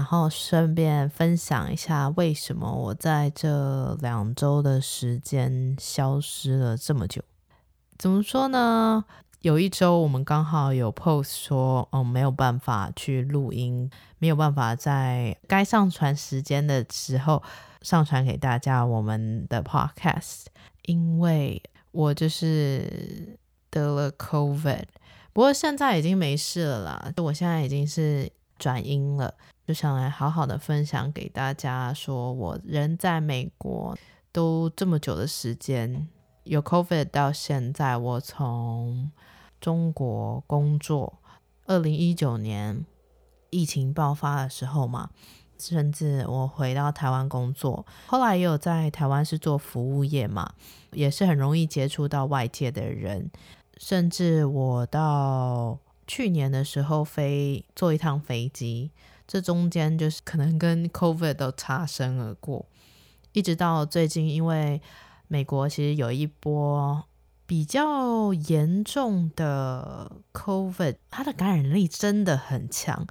然後順便分享一下，為什麼我在這兩周的時間消失了這麼久？怎麼說呢？有一周我們剛好有 post 說，嗯、哦，沒有辦法去錄音，沒有辦法在該上傳時間的時候上傳給大家我們的 podcast，因為我就是得了 COVID，不過現在已經沒事了啦，我現在已經是轉陰了。就想來好好的分享給大家說，說我人在美國都這麼久的時間，有 COVID 到現在，我從中國工作，二零一九年疫情爆發的時候嘛，甚至我回到台灣工作，後來也有在台灣是做服務業嘛，也是很容易接觸到外界的人，甚至我到去年的時候飛坐一趟飛機。這中間就是可能跟 COVID 都擦身而過，一直到最近，因為美國其實有一波比較嚴重的 COVID，它的感染力真的很強。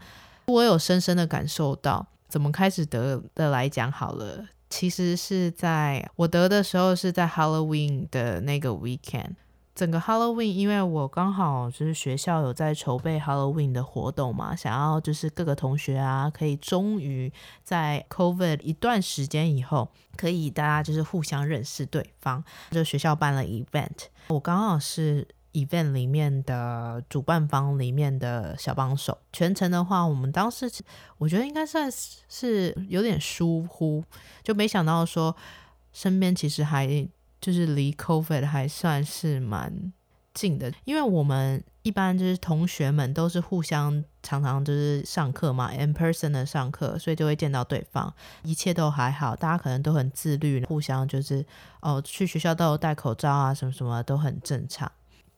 我有深深的感受到，怎麼開始得的來講好了，其實是在，我得的時候是在 Halloween 的那個 weekend。整個 Halloween，因為我剛好就是學校有在籌備 Halloween 的活動嘛，想要就是各個同學啊，可以終於在 COVID 一段時間以後，可以大家就是互相認識對方。就學校辦了 event，我剛好是 event 裡面的主辦方裡面的小幫手。全程的話，我們當時我覺得應該算是有點疏忽，就沒想到說身邊其實還。就是離 COVID 還算是蠻近的，因為我們一般就是同學們都是互相常常就是上課嘛，in person 的上課，所以就會見到對方，一切都還好，大家可能都很自律，互相就是哦去學校都有戴口罩啊，什麼什麼都很正常。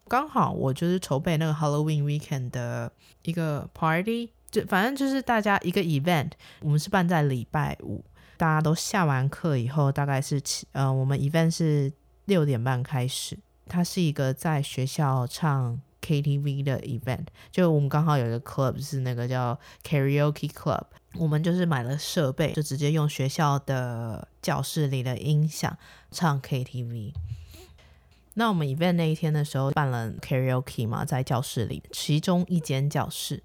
剛好我就是籌備那個 Halloween weekend 的一個 party，就反正就是大家一個 event，我們是辦在禮拜五。大家都下完課以後，大概是七呃，我們 event 是六點半開始。它是一個在學校唱 KTV 的 event，就我們剛好有一個 club 是那個叫 Karaoke Club，我們就是買了設備，就直接用學校的教室裡的音響唱 KTV。那我們 event 那一天的時候辦了 Karaoke 嘛，在教室裡其中一間教室，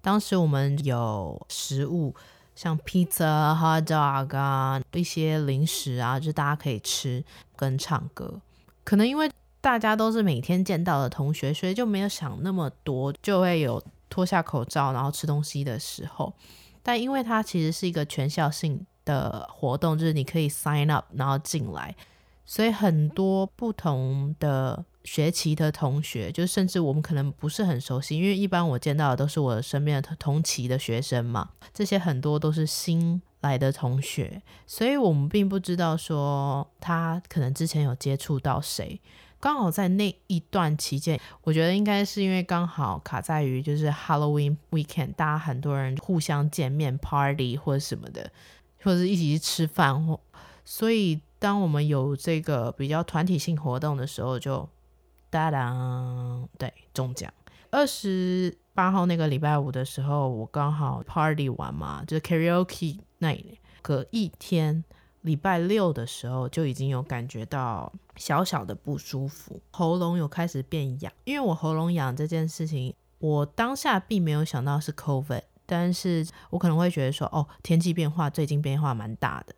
當時我們有食物。像 pizza、hot dog 啊，一些零食啊，就大家可以吃跟唱歌。可能因為大家都是每天見到的同學，所以就沒有想那麼多，就會有脫下口罩然後吃東西的時候。但因為它其實是一個全校性的活動，就是你可以 sign up 然後進來，所以很多不同的。學習的同學，就是甚至我們可能不是很熟悉，因為一般我見到的都是我身邊的同同期的學生嘛。這些很多都是新來的同學，所以我們並不知道說他可能之前有接觸到誰。剛好在那一段期間，我覺得應該是因為剛好卡在於就是 Halloween weekend，大家很多人互相見面、party 或者什麼的，或者是一起去吃飯，或所以當我們有這個比較團體性活動的時候就。噠當，對，中獎。二十八號那個禮拜五的時候，我剛好 party 完嘛，就是 karaoke 那隔一天，禮拜六的時候就已經有感覺到小小的不舒服，喉嚨有開始變癢。因為我喉嚨癢這件事情，我當下並沒有想到是 COVID，但是我可能會覺得說，哦，天氣變化，最近變化蠻大的，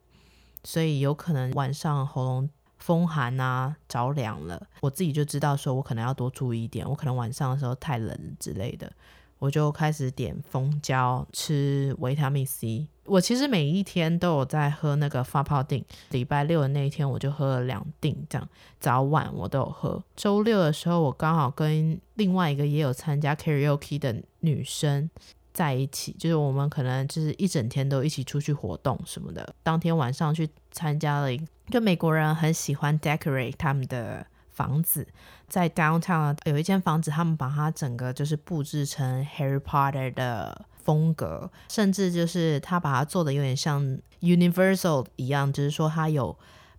所以有可能晚上喉嚨。風寒啊，着涼了，我自己就知道說，我可能要多注意一點，我可能晚上的時候太冷之類的，我就開始點蜂膠，吃維他命 C。我其實每一天都有在喝那個發泡錠，禮拜六的那一天我就喝了兩錠。這樣早晚我都有喝。周六的時候，我剛好跟另外一個也有參加 Karaoke 的女生在一起，就是我們可能就是一整天都一起出去活動什麼的。當天晚上去參加了一個美國人很喜歡 decorate 他們的房子，在 downtown 有一間房子，他們把它整個就是布置成 Harry Potter 的風格，甚至就是他把它做得有點像 Universal 一樣，就是說他有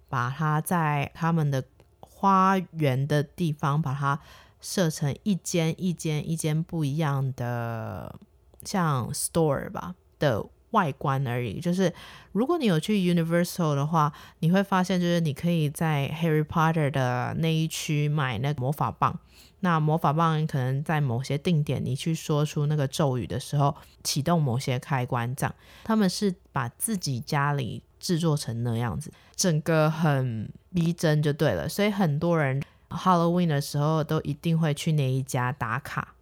把它在他們的花園的地方把它設成一間一間一間不一樣的。像 store 吧的外觀而已，就是如果你有去 Universal 的話，你會發現，就是你可以在 Harry Potter 的那一區買那個魔法棒。那魔法棒可能在某些定點，你去說出那個咒語的時候，啟動某些開關，這樣他們是把自己家裡制作成那樣子，整個很逼真就對了。所以很多人 Halloween 的時候都一定會去那一家打卡。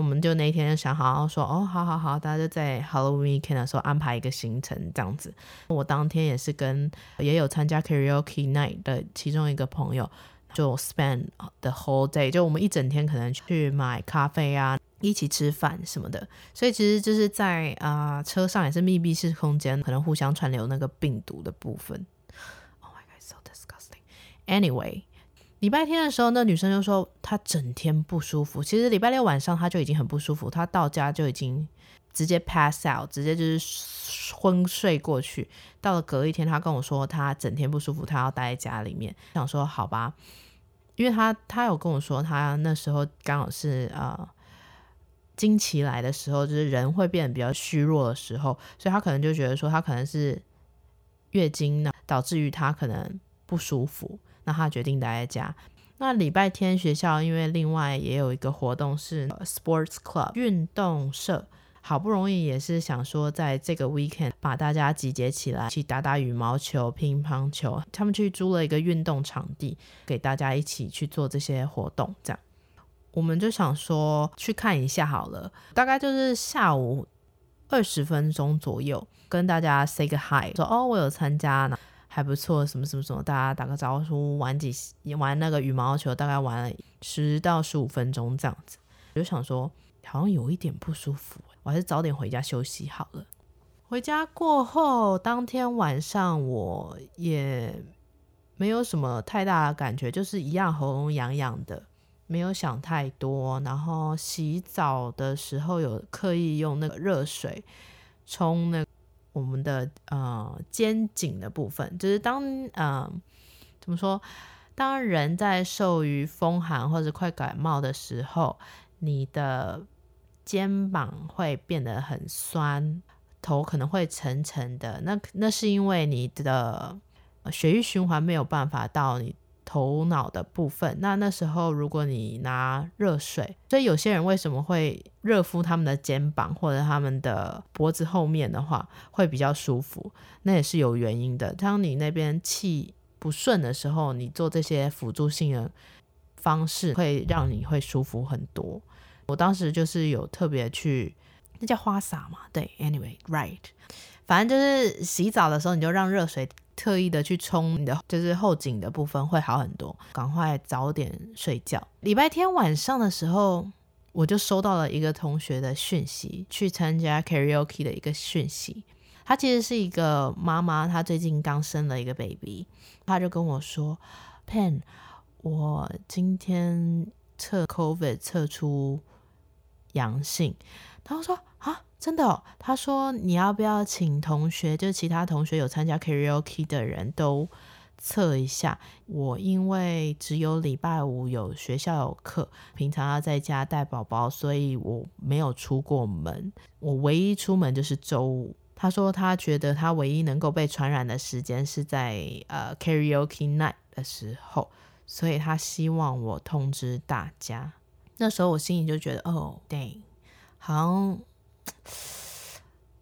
我們就那一天就想好，好說哦，好好好，大家就在 Halloween weekend 的時候安排一個行程這樣子。我當天也是跟也有參加 Karaoke night 的其中一個朋友，就 spend the whole day，就我們一整天可能去買咖啡啊，一起吃飯什麼的。所以其實就是在啊、呃、車上也是密閉式空間，可能互相傳流那個病毒的部分。Oh my god, so disgusting. Anyway. 禮拜天的時候，那女生就說她整天不舒服。其實禮拜六晚上她就已經很不舒服，她到家就已經直接 pass out，直接就是昏睡過去。到了隔一天，她跟我說她整天不舒服，她要待在家裡面。想說好吧，因為她她有跟我說她那時候剛好是呃經期來的時候，就是人會變得比較虛弱的時候，所以她可能就覺得說她可能是月經呢導致於她可能不舒服。他決定待在家。那禮拜天學校因為另外也有一個活動是 sports club 運動社，好不容易也是想說在這個 weekend 把大家集結起來去打打羽毛球、乒乓球。他們去租了一個運動場地，給大家一起去做這些活動。這樣，我們就想說去看一下好了。大概就是下午二十分鐘左右，跟大家 say 個 hi，說，哦，我有參加呢。還不錯，什麼什麼什麼，大家打個招呼，玩幾玩那個羽毛球，大概玩了十到十五分鐘這樣子，我就想說好像有一點不舒服，我還是早點回家休息好了。回家過後，當天晚上我也沒有什麼太大的感覺，就是一樣喉嚨癢癢的，沒有想太多。然後洗澡的時候有刻意用那個熱水沖那個。我們的呃肩頸的部分，就是當呃怎麼說，當人在受於風寒或者快感冒的時候，你的肩膀會變得很酸，頭可能會沉沉的。那那是因為你的血液循環沒有辦法到你。頭腦的部分，那那時候如果你拿熱水，所以有些人為什麼會熱敷他們的肩膀或者他們的脖子後面的話，會比較舒服，那也是有原因的。當你那邊氣不順的時候，你做這些輔助性的方式，會讓你會舒服很多。我當時就是有特別去，那叫花灑嘛，對，Anyway，Right，反正就是洗澡的時候你就讓熱水。特意的去沖你的，就是後頸的部分會好很多。趕快早點睡覺。禮拜天晚上的時候，我就收到了一個同學的訊息，去參加 karaoke 的一個訊息。他其實是一個媽媽，她最近剛生了一個 baby，他就跟我說，Pin，我今天測 COVID 測出陽性，然後說。真的哦？他說，你要不要請同學，就其他同學有參加 karaoke 的人都測一下。我因為只有禮拜五有學校有課，平常要在家帶寶寶，所以我沒有出過門。我唯一出門就是周五。他說他覺得他唯一能夠被傳染的時間是在呃 karaoke night 的時候，所以他希望我通知大家。那時候我心裡就覺得哦，對，好。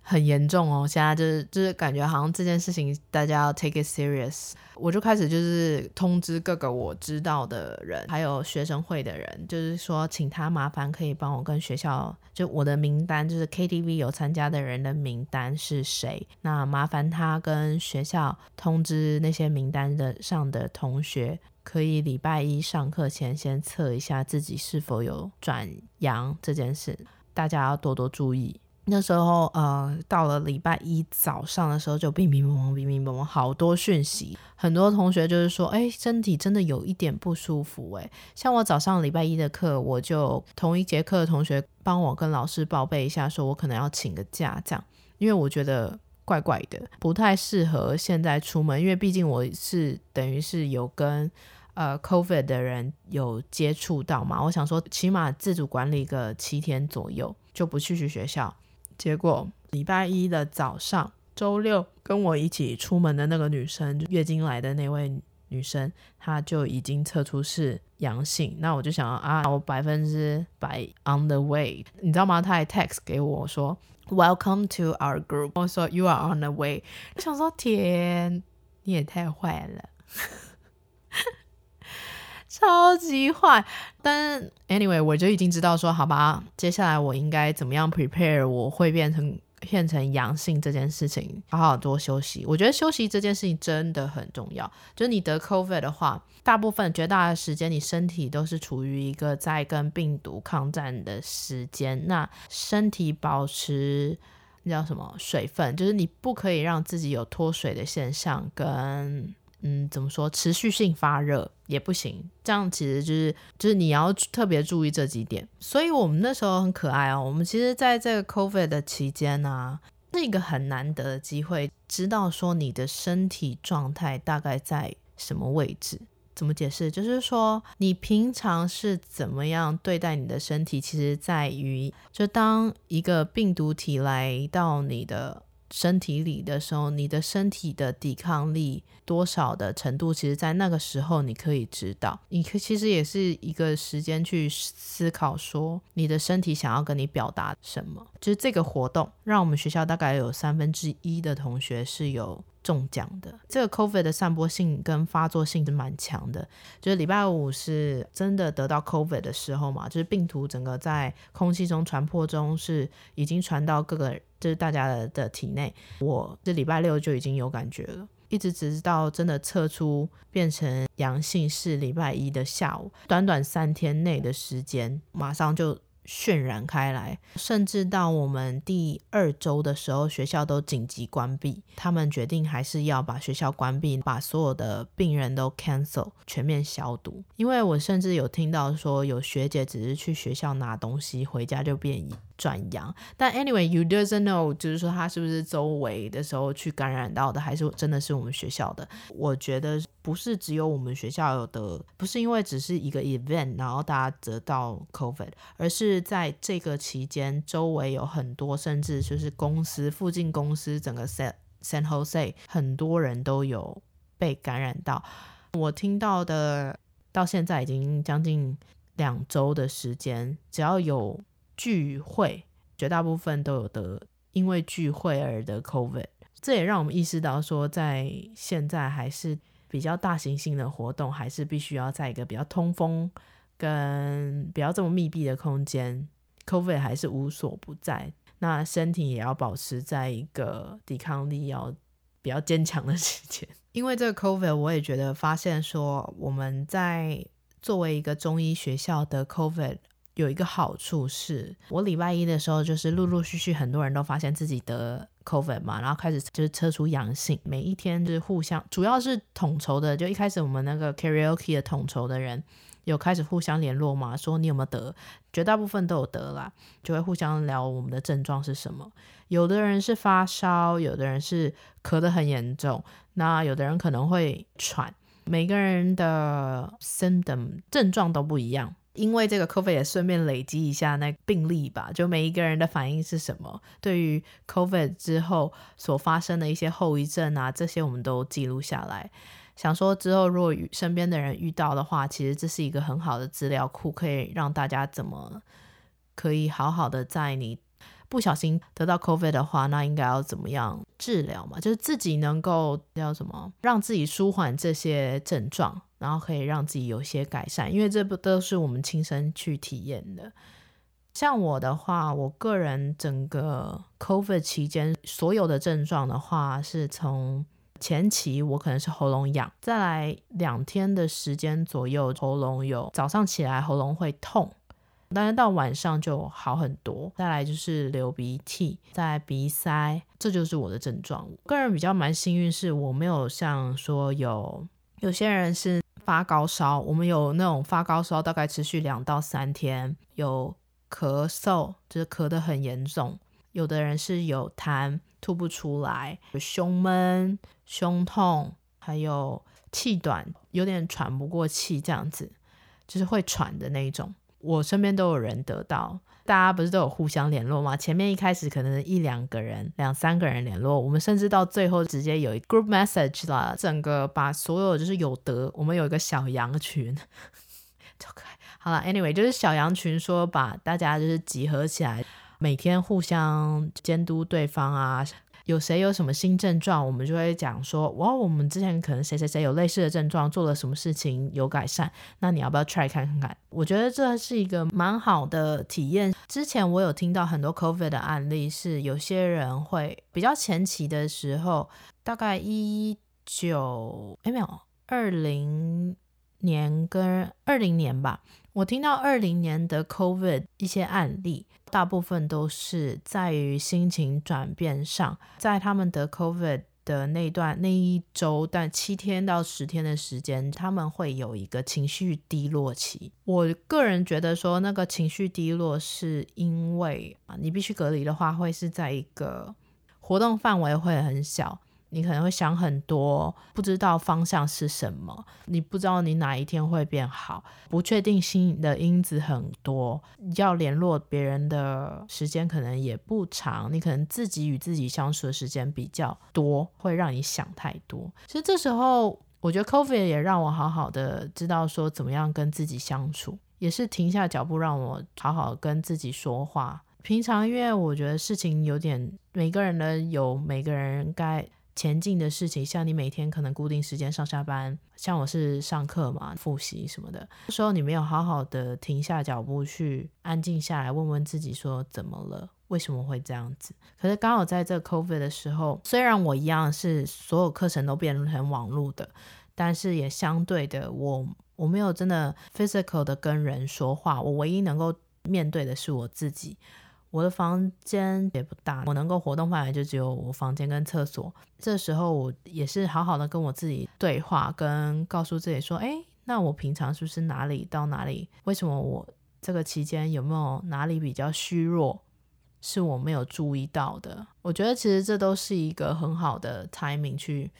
很嚴重哦，現在就是就是感覺好像這件事情大家要 take it serious，我就開始就是通知各個我知道的人，還有學生會的人，就是說請他麻煩可以幫我跟學校，就我的名單，就是 KTV 有參加的人的名單是誰，那麻煩他跟學校通知那些名單的上的同學，可以禮拜一上課前先測一下自己是否有轉陽這件事。大家要多多注意。那時候，呃，到了禮拜一早上的時候，就乒乒乓乓、乒乒乓乓，好多訊息。很多同學就是說，哎、欸，身體真的有一點不舒服、欸。誒，像我早上禮拜一的課，我就同一節課的同學幫我跟老師報備一下，說我可能要請個假，這樣，因為我覺得怪怪的，不太適合現在出門，因為畢竟我是等於是有跟。呃，COVID 的人有接觸到嗎？我想說，起碼自主管理個七天左右就不去去學校。結果禮拜一的早上，周六跟我一起出門的那個女生，月經來的那位女生，她就已經測出是陽性。那我就想啊，我百分之百 on the way，你知道嗎？她還 text 給我說，Welcome to our group。我說，You are on the way。我想說，天，你也太壞了。 超級壞，但 anyway 我就已經知道說，好吧，接下來我應該怎麼樣 prepare 我會變成變成陽性這件事情，好好多休息。我覺得休息這件事情真的很重要。就是你得 COVID 的話，大部分絕大的時間你身體都是處於一個在跟病毒抗戰的時間。那身體保持那叫什麼水分，就是你不可以讓自己有脫水的現象跟。嗯，怎麼說，持續性發熱也不行，這樣其實就是就是，你要特別注意這幾點。所以我們那時候很可愛哦，我們其實在這個 COVID 的期間呢，那個很難得的機會，知道說你的身體狀態大概在什麼位置。怎麼解釋？就是說你平常是怎麼樣對待你的身體，其實在於就當一個病毒體來到你的。身體裡的時候，你的身體的抵抗力多少的程度，其實在那個時候你可以知道。你可其實也是一個時間去思考說，說你的身體想要跟你表達什麼。就是這個活動，讓我們學校大概有三分之一的同學是有中獎的。這個 COVID 的散播性跟發作性是蠻強的。就是禮拜五是真的得到 COVID 的時候嘛，就是病毒整個在空氣中傳播中是已經傳到各個人。這是大家的,的體內，我這禮拜六就已經有感覺了，一直直到真的測出變成陽性是禮拜一的下午，短短三天內的時間，馬上就渲染開來，甚至到我們第二周的時候，學校都緊急關閉，他們決定還是要把學校關閉，把所有的病人都 cancel，全面消毒。因為我甚至有聽到說，有學姐只是去學校拿東西，回家就變異。轉陽，但 anyway you doesn't know，就是說他是不是周圍的時候去感染到的，還是真的是我們學校的？我覺得不是只有我們學校有的，不是因為只是一個 event，然後大家得到 COVID，而是在這個期間周圍有很多，甚至就是公司附近公司整個 San San Jose 很多人都有被感染到。我聽到的到現在已經將近兩周的時間，只要有。聚會絕大部分都有得，因為聚會而得 COVID，這也讓我們意識到說，在現在還是比較大型性的活動，還是必須要在一個比較通風、跟比較這麼密閉的空間，COVID 還是無所不在。那身體也要保持在一個抵抗力要比較堅強的時間。因為這個 COVID，我也覺得發現說，我們在作為一個中醫學校的 COVID。有一個好處是，我禮拜一的時候，就是陸陸續續很多人都發現自己得 COVID 嘛，然後開始就是測出陽性，每一天就是互相，主要是統籌的，就一開始我們那個 karaoke 的統籌的人有開始互相聯絡嘛，說你有沒有得，絕大部分都有得啦，就會互相聊我們的症狀是什麼，有的人是發燒，有的人是咳得很嚴重，那有的人可能會喘，每個人的 syndrome 症狀都不一樣。因為這個 COVID，也順便累積一下那個病例吧，就每一個人的反應是什麼，對於 COVID 之後所發生的一些後遺症啊，這些我們都記錄下來。想說之後如果身邊的人遇到的話，其實這是一個很好的資料庫，可以讓大家怎麼可以好好的在你。不小心得到 COVID 的話，那應該要怎麼樣治療嘛？就是自己能夠叫什麼，讓自己舒緩這些症狀，然後可以讓自己有些改善。因為這不都是我們親身去體驗的。像我的話，我個人整個 COVID 期間所有的症狀的話，是從前期我可能是喉嚨癢，再來兩天的時間左右，喉嚨有早上起來喉嚨會痛。但是到晚上就好很多。再來就是流鼻涕，再鼻塞，這就是我的症狀。我個人比較蠻幸運是，是我沒有像說有有些人是發高燒，我們有那種發高燒大概持續兩到三天，有咳嗽，就是咳得很嚴重。有的人是有痰吐不出來，有胸悶、胸痛，還有氣短，有點喘不過氣，這樣子，就是會喘的那種。我身邊都有人得到，大家不是都有互相聯絡嗎？前面一開始可能一兩個人、兩三個人聯絡，我們甚至到最後直接有一個 group message 了，整個把所有就是有得，我們有一個小陽群， 好啦，了 anyway 就是小陽群說把大家就是集合起來，每天互相監督對方啊。有誰有什麼新症狀，我們就會講說，哇，我們之前可能誰誰誰有類似的症狀，做了什麼事情有改善，那你要不要 try 看看看？我覺得這是一個蠻好的體驗。之前我有聽到很多 COVID 的案例，是有些人會比較前期的時候，大概一九哎沒有二零，年跟二零年吧，我聽到二零年的 COVID 一些案例，大部分都是在於心情轉變上，在他們得 COVID 的那一段，那一周，但七天到十天的時間，他們會有一個情緒低落期。我個人覺得說，那個情緒低落是因為啊，你必須隔離的話，會是在一個活動範圍會很小。你可能會想很多，不知道方向是什麼，你不知道你哪一天會變好，不確定性的因子很多。要聯絡別人的時間可能也不長，你可能自己與自己相處的時間比較多，會讓你想太多。其實這時候，我覺得 COVID 也讓我好好的知道說怎麼樣跟自己相處，也是停下腳步讓我好好跟自己說話。平常因為我覺得事情有點每個人的有每個人該前進的事情，像你每天可能固定時間上下班，像我是上課嘛，複習什麼的，這時候你沒有好好的停下腳步去安靜下來，問問自己說怎麼了，為什麼會這樣子？可是剛好在這個 COVID 的時候，雖然我一樣是所有課程都變成網絡的，但是也相對的，我我沒有真的 physical 的跟人說話，我唯一能夠面對的是我自己。我的房間也不大，我能夠活動範圍就只有我房間跟廁所。這時候我也是好好的跟我自己對話，跟告訴自己說：哎，那我平常是不是哪裡到哪裡？為什麼我這個期間有沒有哪裡比較虛弱？是我沒有注意到的。我覺得其實這都是一個很好的 timing 去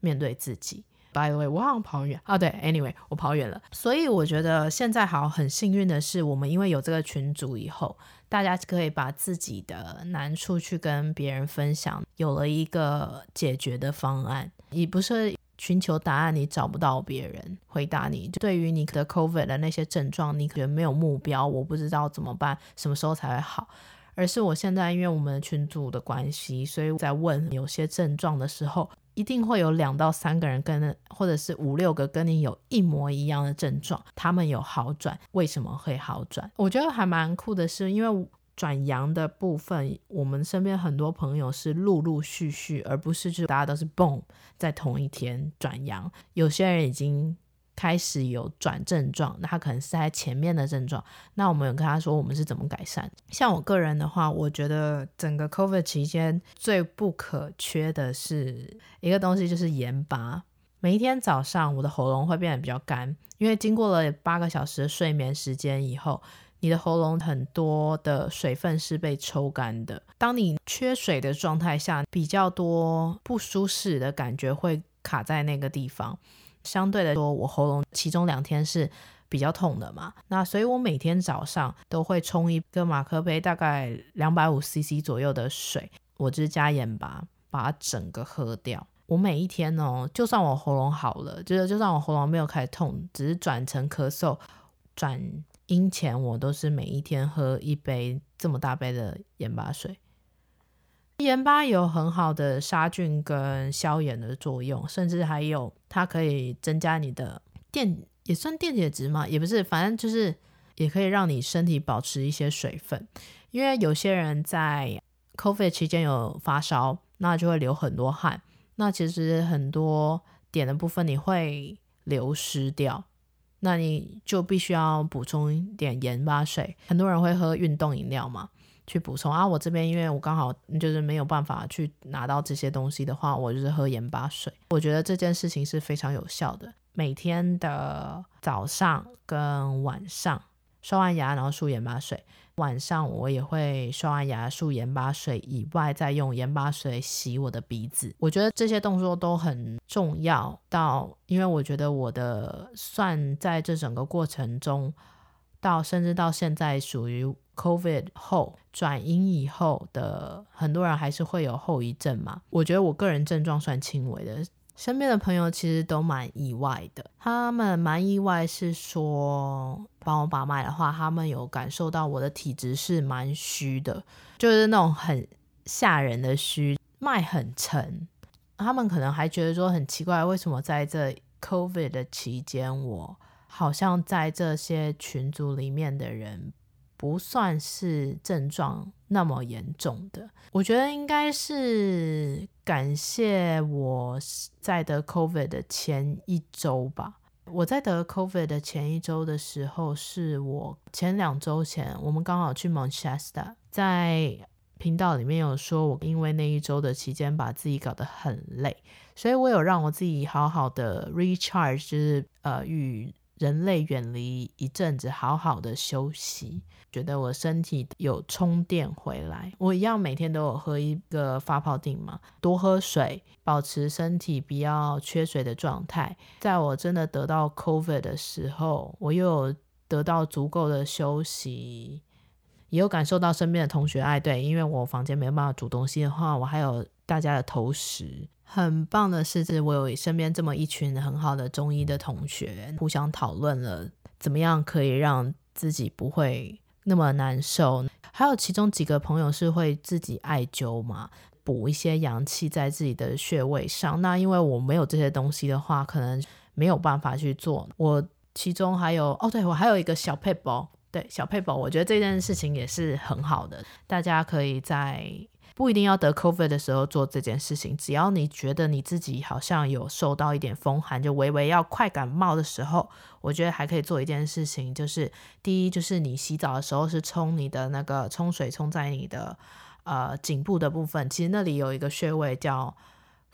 面對自己。By the way，我好像跑遠啊。對，oh，Anyway，我跑遠了。所以我覺得現在好很幸運的是，我們因為有這個群組以後，大家可以把自己的難處去跟別人分享，有了一個解決的方案。你不是尋求答案，你找不到別人回答你。就對於你的 COVID 的那些症狀，你可能沒有目標，我不知道怎麼辦，什麼時候才會好。而是我現在因為我們群組的關係，所以在問有些症狀的時候。一定會有兩到三個人跟，或者是五六個跟你有一模一樣的症狀，他們有好轉，為什麼會好轉？我覺得還蠻酷的是，是因為轉陽的部分，我們身邊很多朋友是陸陸續續，而不是就大家都是 boom，在同一天轉陽。有些人已經。開始有轉症狀，那他可能是在前面的症狀。那我們有跟他說我們是怎麼改善。像我個人的話，我覺得整個 COVID 期間最不可缺的是一個東西，就是鹽巴。每一天早上，我的喉嚨會變得比較乾，因為經過了八個小時的睡眠時間以後，你的喉嚨很多的水分是被抽乾的。當你缺水的狀態下，比較多不舒適的感覺會卡在那個地方。相對來說，我喉嚨其中兩天是比較痛的嘛，那所以我每天早上都會沖一個馬克杯，大概兩百五 CC 左右的水，我就是加鹽巴，把它整個喝掉。我每一天哦，就算我喉嚨好了，就是就算我喉嚨沒有開始痛，只是轉成咳嗽、轉陰前，我都是每一天喝一杯這麼大杯的鹽巴水。鹽巴有很好的殺菌跟消炎的作用，甚至還有它可以增加你的電，也算電解質嘛，也不是，反正就是也可以讓你身體保持一些水分。因為有些人在 COVID 期間有發燒，那就會流很多汗，那其實很多點的部分你會流失掉，那你就必須要補充一點鹽巴水。很多人會喝運動飲料嘛？去補充啊！我這邊因為我剛好就是沒有辦法去拿到這些東西的話，我就是喝鹽巴水。我覺得這件事情是非常有效的。每天的早上跟晚上刷完牙，然後漱鹽巴水；晚上我也會刷完牙漱鹽巴水以外，再用鹽巴水洗我的鼻子。我覺得這些動作都很重要到。到因為我覺得我的算在這整個過程中，到甚至到現在屬於。COVID 後轉陰以後的很多人還是會有後遺症嘛？我覺得我個人症狀算輕微的，身邊的朋友其實都蠻意外的。他們蠻意外是說，幫我把脈的話，他們有感受到我的體質是蠻虛的，就是那種很嚇人的虛，脈很沉。他們可能還覺得說很奇怪，為什麼在這 COVID 的期間，我好像在這些群組裡面的人。不算是症狀那麼嚴重的，我覺得應該是感謝我在得 COVID 的前一周吧。我在得 COVID 的前一周的時候，是我前兩周前，我們剛好去 Manchester，在頻道裡面有說，我因為那一周的期間把自己搞得很累，所以我有讓我自己好好的 recharge，就是呃與。人類遠離一陣子，好好的休息，覺得我身體有充電回來。我一樣每天都有喝一個發泡錠嘛，多喝水，保持身體比較缺水的狀態。在我真的得到 COVID 的時候，我又有得到足夠的休息。也有感受到身邊的同學愛，對，因為我房間沒有辦法煮東西的話，我還有大家的投食。很棒的是，是我有身邊這麼一群很好的中醫的同學，互相討論了怎麼樣可以讓自己不會那麼難受。還有其中幾個朋友是會自己艾灸嘛，補一些陽氣在自己的穴位上。那因為我沒有這些東西的話，可能沒有辦法去做。我其中還有哦，對，對我還有一個小配包。對小佩寶，我覺得這件事情也是很好的，大家可以在不一定要得 COVID 的時候做這件事情。只要你覺得你自己好像有受到一點風寒，就微微要快感冒的時候，我覺得還可以做一件事情，就是第一，就是你洗澡的時候是沖你的那個沖水沖在你的呃頸部的部分，其實那裡有一個穴位叫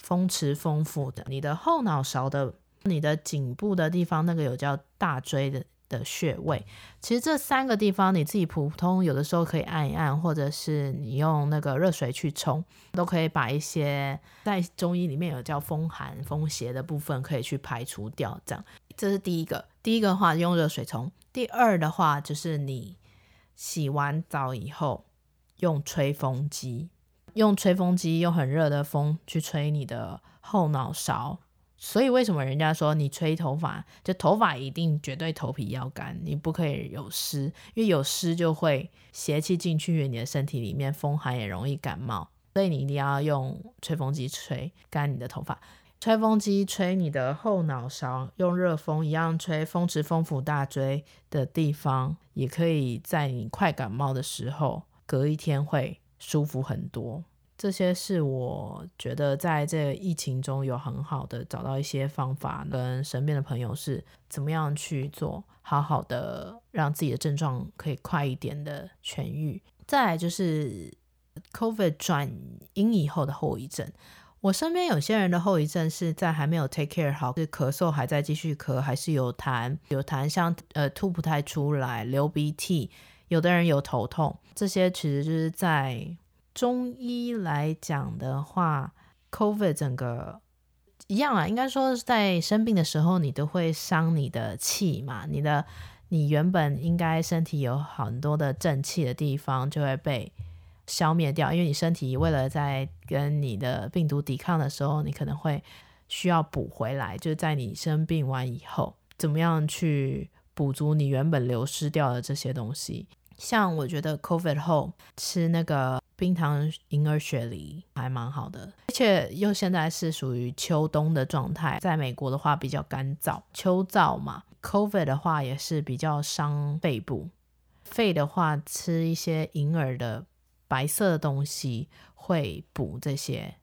風池、風府的，你的後腦勺的、你的頸部的地方那個有叫大椎的的穴位，其實這三個地方你自己普通有的時候可以按一按，或者是你用那個熱水去沖，都可以把一些在中醫裡面有叫風寒、風邪的部分可以去排除掉。這樣，這是第一個。第一個的話用熱水沖，第二的話就是你洗完澡以後用吹風機，用吹風機用很熱的風去吹你的後腦勺。所以為什麼人家說你吹頭髮，就頭髮一定絕對頭皮要乾，你不可以有濕，因為有濕就會邪氣進去你的身體裡面，風寒也容易感冒。所以你一定要用吹風機吹乾你的頭髮，吹風機吹你的後腦勺，用熱風一樣吹，風池、風府、大椎的地方，也可以在你快感冒的時候，隔一天會舒服很多。這些是我覺得在這個疫情中有很好的找到一些方法，跟身邊的朋友是怎麼樣去做，好好的讓自己的症狀可以快一點的痊癒。再來就是 COVID 轉陰以後的後遺症，我身邊有些人的後遺症是在還沒有 take care 好，是咳嗽還在繼續咳，還是有痰，有痰像呃吐不太出來，流鼻涕，有的人有頭痛，這些其實就是在。中醫來講的話，COVID 整個一樣啊，應該說是在生病的時候，你都會傷你的氣嘛。你的你原本應該身體有很多的正氣的地方，就會被消滅掉，因為你身體為了在跟你的病毒抵抗的時候，你可能會需要補回來。就在你生病完以後，怎麼樣去補足你原本流失掉的這些東西？像我覺得 COVID 後吃那個。冰糖銀耳雪梨還蠻好的，而且又現在是屬於秋冬的狀態，在美國的話比較乾燥，秋燥嘛，COVID 的話也是比較傷肺部，肺的話吃一些銀耳的白色的東西會補這些，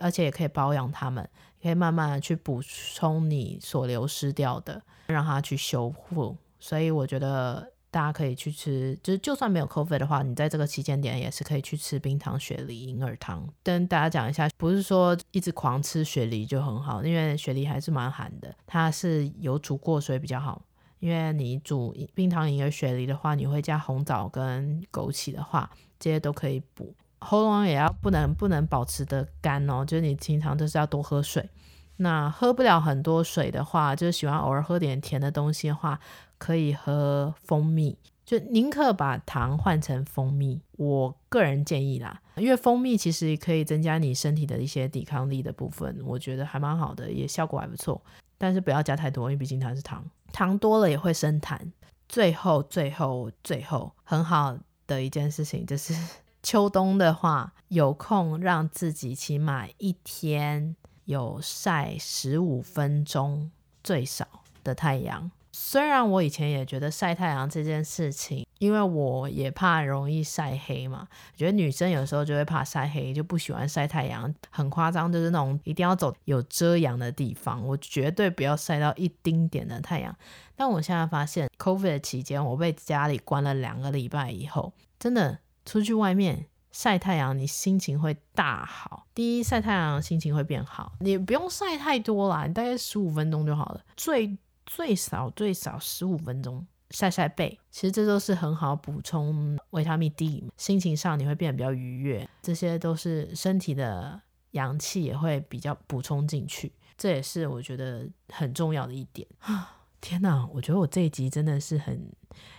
而且也可以保養它們，可以慢慢的去補充你所流失掉的，讓它去修復。所以我覺得。大家可以去吃，就是就算沒有 COVID 的話，你在這個期間點也是可以去吃冰糖雪梨銀耳湯。跟大家講一下，不是說一直狂吃雪梨就很好，因為雪梨還是蠻寒的。它是有煮過水比較好。因為你煮冰糖銀耳雪梨的話，你會加紅棗跟枸杞的話，這些都可以補喉嚨。喉嚨也要不能不能保持的乾哦，就是你經常就是要多喝水。那喝不了很多水的話，就是喜歡偶爾喝點甜的東西的話。可以喝蜂蜜，就寧可把糖換成蜂蜜。我個人建議啦，因為蜂蜜其實可以增加你身體的一些抵抗力的部分，我覺得還蠻好的，也效果還不錯。但是不要加太多，因為畢竟它是糖，糖多了也會生痰。最後，最後，最後，很好的一件事情就是秋冬的話，有空讓自己起碼一天有曬十五分鐘最少的太陽。雖然我以前也覺得曬太陽這件事情，因為我也怕容易曬黑嘛，覺得女生有時候就會怕曬黑，就不喜歡曬太陽，很誇張，就是那種一定要走有遮陽的地方，我絕對不要曬到一丁點的太陽。但我現在發現，COVID 期間我被家裡關了兩個禮拜以後，真的出去外面曬太陽，你心情會大好。第一，曬太陽心情會變好，你不用曬太多啦，你大概十五分鐘就好了。最最少最少十五分鐘曬曬背，其實這都是很好補充維他命 D 嘛，心情上你會變得比較愉悅，這些都是身體的陽氣也會比較補充進去，這也是我覺得很重要的一點啊！天哪，我覺得我這一集真的是很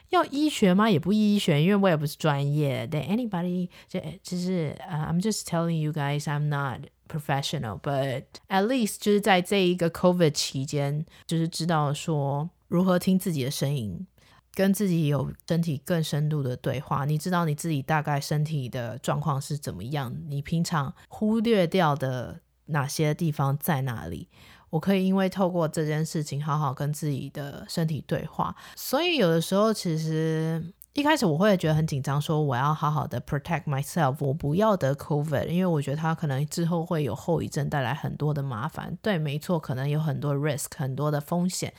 要醫學嗎？也不醫學，因為我也不是專業。對 anybody，就誒，其實啊 I'm just telling you guys，I'm not。professional，but at least 就是在這一個 COVID 期間，就是知道說如何聽自己的聲音，跟自己有身體更深度的對話。你知道你自己大概身體的狀況是怎麼樣？你平常忽略掉的哪些地方在哪裡？我可以因為透過這件事情好好跟自己的身體對話。所以有的時候其實。一開始我會覺得很緊張，說我要好好的 protect myself，我不要得 COVID，因為我覺得他可能之後會有後遺症，帶來很多的麻煩。對，沒錯，可能有很多 risk，很多的風險。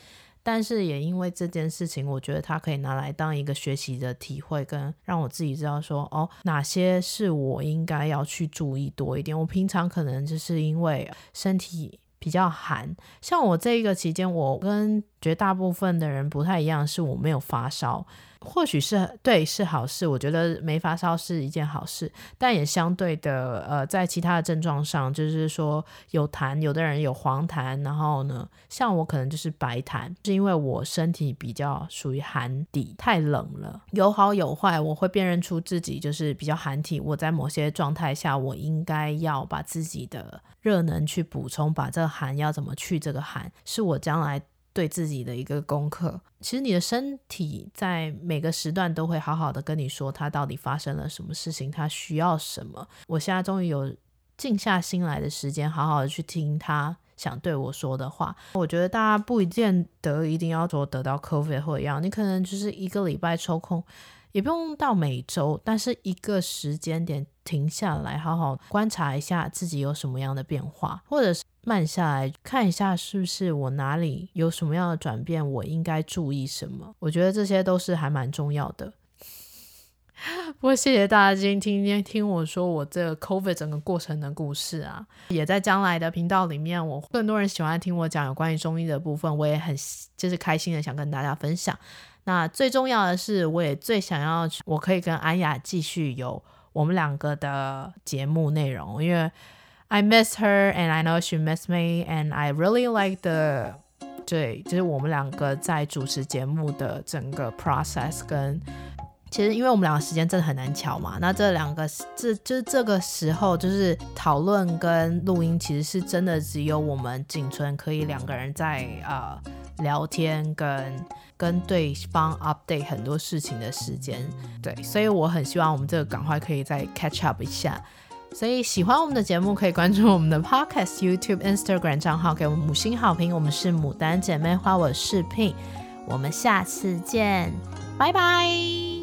但是也因為這件事情，我覺得它可以拿來當一個學習的體會，跟讓我自己知道說，哦，哪些是我應該要去注意多一點。我平常可能就是因為身體比較寒，像我這一個期間，我跟絕大部分的人不太一樣，是我沒有發燒。或許是對，是好事。我覺得沒發燒是一件好事，但也相對的，呃，在其他的症狀上，就是說有痰，有的人有黃痰，然後呢，像我可能就是白痰，是因為我身體比較屬於寒底，太冷了。有好有壞，我會辨認出自己就是比較寒體。我在某些狀態下，我應該要把自己的熱能去補充，把這個寒要怎麼去？這個寒是我將來。對自己的一個功課，其實你的身體在每個時段都會好好的跟你說，它到底發生了什麼事情，它需要什麼。我現在終於有靜下心來的時間，好好的去聽他想對我說的話。我覺得大家不一見得一定要說得到 COVID 或一樣，你可能就是一個禮拜抽空，也不用到每周，但是一個時間點。停下來，好好觀察一下自己有什麼樣的變化，或者是慢下來看一下，是不是我哪裡有什麼樣的轉變，我應該注意什麼？我覺得這些都是還蠻重要的。不過謝謝大家今天聽，今天聽我說我這個 COVID 整個過程的故事啊，也在將來的頻道裡面，我更多人喜歡聽我講有關於中醫的部分，我也很就是開心的想跟大家分享。那最重要的是，我也最想要，我可以跟安雅繼續有。我們兩個的節目內容，因為 I miss her and I know she miss me and I really like the, 對，就是我們兩個在主持節目的整個 process 跟。其實因為我們兩個時間真的很難喬嘛，那這兩個這、就是這個時候就是討論跟錄音，其實是真的只有我們僅存可以兩個人在、嗯、呃。聊天跟跟對方 update 很多事情的時間，對，所以我很希望我們這個趕快可以再 catch up 一下。所以喜歡我們的節目，可以關注我們的 podcast、YouTube、Instagram 賬號，給我們五星好評。我們是母單姊妹花，我是 Pin，我們下次見，拜拜。